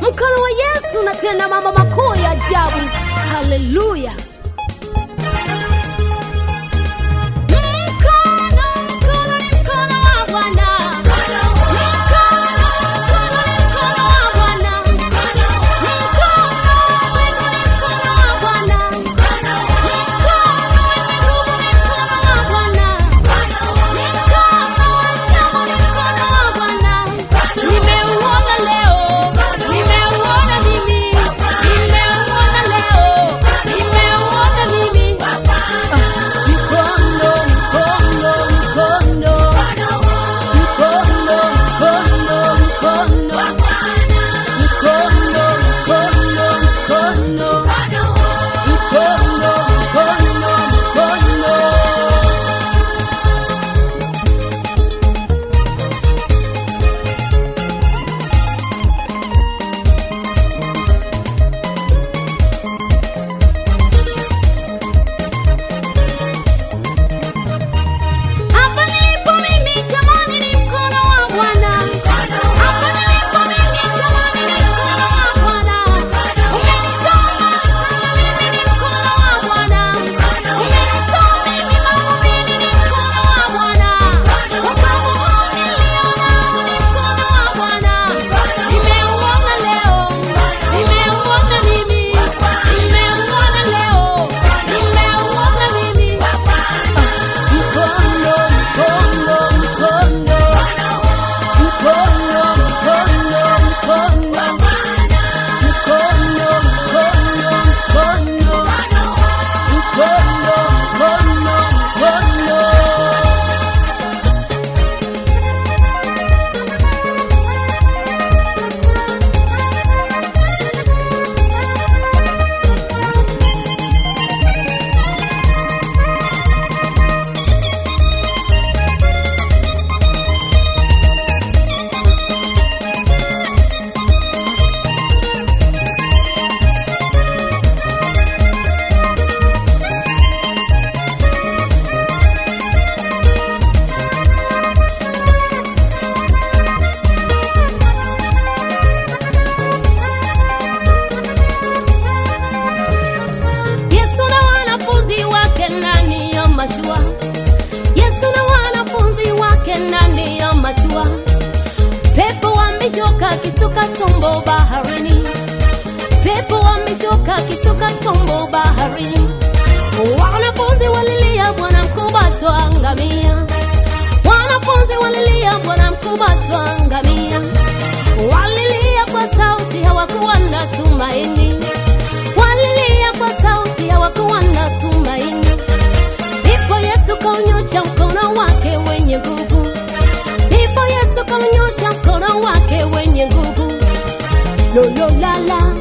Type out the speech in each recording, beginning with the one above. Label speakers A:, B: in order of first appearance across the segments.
A: mkono wa Yesu unatenda mambo makuu ya ajabu. Haleluya! kisuka tumbo baharini, pepo ameshuka kisuka tumbo baharini. Wanafunzi walilia Bwana mkubwa, twangamia. Wanafunzi walilia Bwana mkubwa, twangamia. Walilia kwa sauti, hawakuwa na tumaini yololala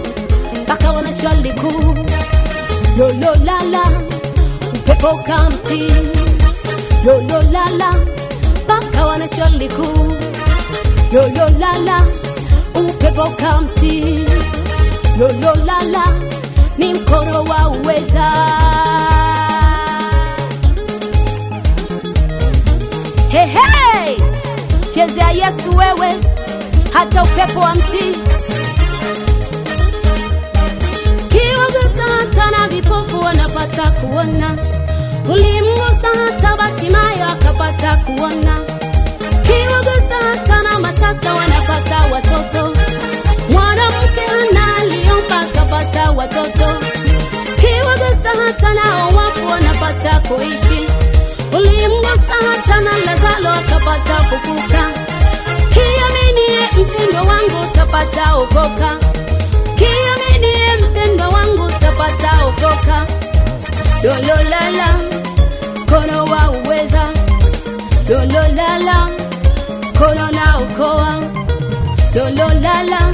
A: mpaka wanashwa likuu yololala upepo kamti yololala mpaka wanashwa likuu yololala upepo kamti yololala ni mkoro wa uweza hey, chezea yesu wewe hata upepo wa mtii Sana vipofu wanapata kuona, ulimgusa hata Batimayo akapata kuona, kiwagusa hata na matata wanapata watoto, mwanamke Hana aliomba akapata watoto, kiwagusa hata na wafu wanapata kuishi, ulimgusa hata na Lazaro akapata kufuka, kiaminie mtindo wangu utapata okoka Lololala, kono wa uweza. Lololala, kono na ukoa. Lololala